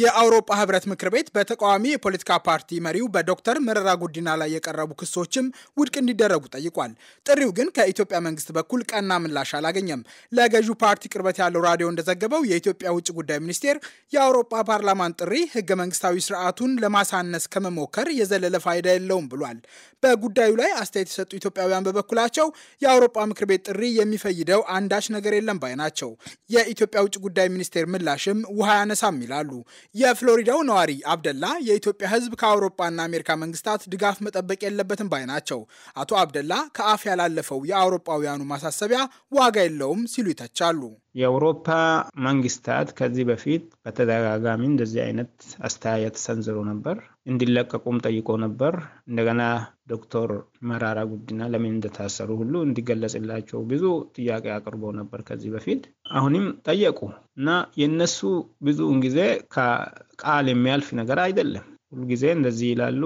የአውሮፓ ህብረት ምክር ቤት በተቃዋሚ የፖለቲካ ፓርቲ መሪው በዶክተር መረራ ጉዲና ላይ የቀረቡ ክሶችም ውድቅ እንዲደረጉ ጠይቋል። ጥሪው ግን ከኢትዮጵያ መንግስት በኩል ቀና ምላሽ አላገኘም። ለገዢው ፓርቲ ቅርበት ያለው ራዲዮ እንደዘገበው የኢትዮጵያ ውጭ ጉዳይ ሚኒስቴር የአውሮፓ ፓርላማን ጥሪ ህገ መንግስታዊ ስርዓቱን ለማሳነስ ከመሞከር የዘለለ ፋይዳ የለውም ብሏል። በጉዳዩ ላይ አስተያየት የሰጡ ኢትዮጵያውያን በበኩላቸው የአውሮፓ ምክር ቤት ጥሪ የሚፈይደው አንዳች ነገር የለም ባይ ናቸው። የኢትዮጵያ ውጭ ጉዳይ ሚኒስቴር ምላሽም ውሃ ያነሳም ይላሉ። የፍሎሪዳው ነዋሪ አብደላ የኢትዮጵያ ሕዝብ ከአውሮፓና አሜሪካ መንግስታት ድጋፍ መጠበቅ የለበትም ባይ ናቸው። አቶ አብደላ ከአፍ ያላለፈው የአውሮፓውያኑ ማሳሰቢያ ዋጋ የለውም ሲሉ ይተቻሉ። የአውሮፓ መንግስታት ከዚህ በፊት በተደጋጋሚ እንደዚህ አይነት አስተያየት ሰንዝሮ ነበር፣ እንዲለቀቁም ጠይቆ ነበር። እንደገና ዶክተር መራራ ጉዲና ለምን እንደታሰሩ ሁሉ እንዲገለጽላቸው ብዙ ጥያቄ አቅርቦ ነበር ከዚህ በፊት አሁንም ጠየቁ እና የነሱ ብዙውን ጊዜ ከቃል የሚያልፍ ነገር አይደለም። ሁልጊዜ እንደዚህ ይላሉ፣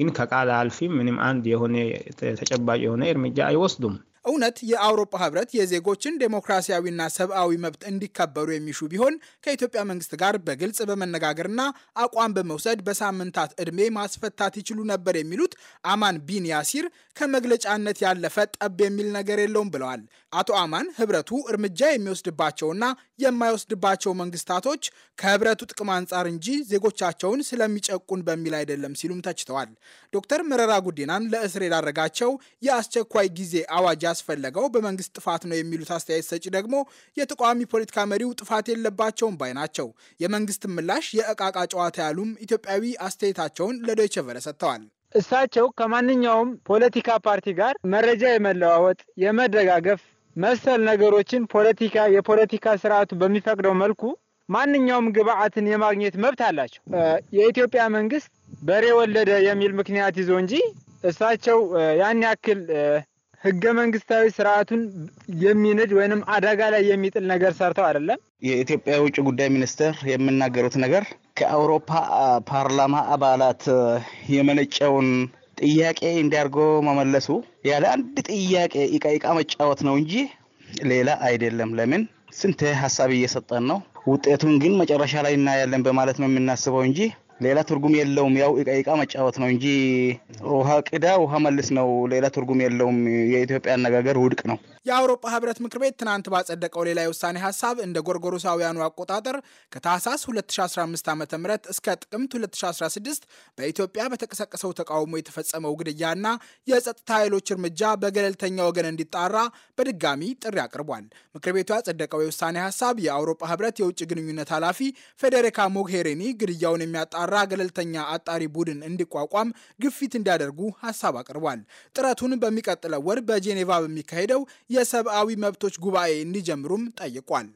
ግን ከቃል አልፊ ምንም አንድ የሆነ ተጨባጭ የሆነ እርምጃ አይወስዱም። እውነት የአውሮፓ ህብረት የዜጎችን ዴሞክራሲያዊና ሰብአዊ መብት እንዲከበሩ የሚሹ ቢሆን ከኢትዮጵያ መንግስት ጋር በግልጽ በመነጋገርና አቋም በመውሰድ በሳምንታት ዕድሜ ማስፈታት ይችሉ ነበር የሚሉት አማን ቢን ያሲር ከመግለጫነት ያለፈ ጠብ የሚል ነገር የለውም ብለዋል። አቶ አማን ህብረቱ እርምጃ የሚወስድባቸውና የማይወስድባቸው መንግስታቶች ከህብረቱ ጥቅም አንጻር እንጂ ዜጎቻቸውን ስለሚጨቁን በሚል አይደለም ሲሉም ተችተዋል። ዶክተር መረራ ጉዲናን ለእስር የዳረጋቸው የአስቸኳይ ጊዜ አዋጅ ያስፈለገው በመንግስት ጥፋት ነው የሚሉት አስተያየት ሰጪ ደግሞ የተቃዋሚ ፖለቲካ መሪው ጥፋት የለባቸውም ባይ ናቸው። የመንግስትን ምላሽ የእቃቃ ጨዋታ ያሉም ኢትዮጵያዊ አስተያየታቸውን ለዶይቸ ቨለ ሰጥተዋል። እሳቸው ከማንኛውም ፖለቲካ ፓርቲ ጋር መረጃ የመለዋወጥ የመደጋገፍ መሰል ነገሮችን ፖለቲካ የፖለቲካ ስርዓቱ በሚፈቅደው መልኩ ማንኛውም ግብአትን የማግኘት መብት አላቸው። የኢትዮጵያ መንግስት በሬ ወለደ የሚል ምክንያት ይዞ እንጂ እሳቸው ያን ያክል ህገ መንግስታዊ ስርዓቱን የሚንድ ወይንም አደጋ ላይ የሚጥል ነገር ሰርተው አይደለም። የኢትዮጵያ የውጭ ጉዳይ ሚኒስትር የምናገሩት ነገር ከአውሮፓ ፓርላማ አባላት የመነጨውን ጥያቄ እንዲያርጎ መመለሱ ያለ አንድ ጥያቄ ይቃይቃ መጫወት ነው እንጂ ሌላ አይደለም። ለምን ስንት ሀሳብ እየሰጠን ነው፣ ውጤቱን ግን መጨረሻ ላይ እናያለን በማለት ነው የምናስበው እንጂ ሌላ ትርጉም የለውም። ያው ቃ መጫወት ነው እንጂ ውሃ ቅዳ ውሃ መልስ ነው፣ ሌላ ትርጉም የለውም። የኢትዮጵያ አነጋገር ውድቅ ነው። የአውሮፓ ህብረት ምክር ቤት ትናንት ባጸደቀው ሌላ የውሳኔ ሀሳብ እንደ ጎርጎሮሳውያኑ አቆጣጠር ከታህሳስ 2015 ዓ ም እስከ ጥቅምት 2016 በኢትዮጵያ በተቀሰቀሰው ተቃውሞ የተፈጸመው ግድያና የጸጥታ ኃይሎች እርምጃ በገለልተኛ ወገን እንዲጣራ በድጋሚ ጥሪ አቅርቧል። ምክር ቤቱ ያጸደቀው የውሳኔ ሀሳብ የአውሮፓ ህብረት የውጭ ግንኙነት ኃላፊ ፌዴሪካ ሞጌሪኒ ግድያውን የሚያጣ ጠንካራ ገለልተኛ አጣሪ ቡድን እንዲቋቋም ግፊት እንዲያደርጉ ሀሳብ አቅርቧል። ጥረቱን በሚቀጥለው ወር በጄኔቫ በሚካሄደው የሰብአዊ መብቶች ጉባኤ እንዲጀምሩም ጠይቋል።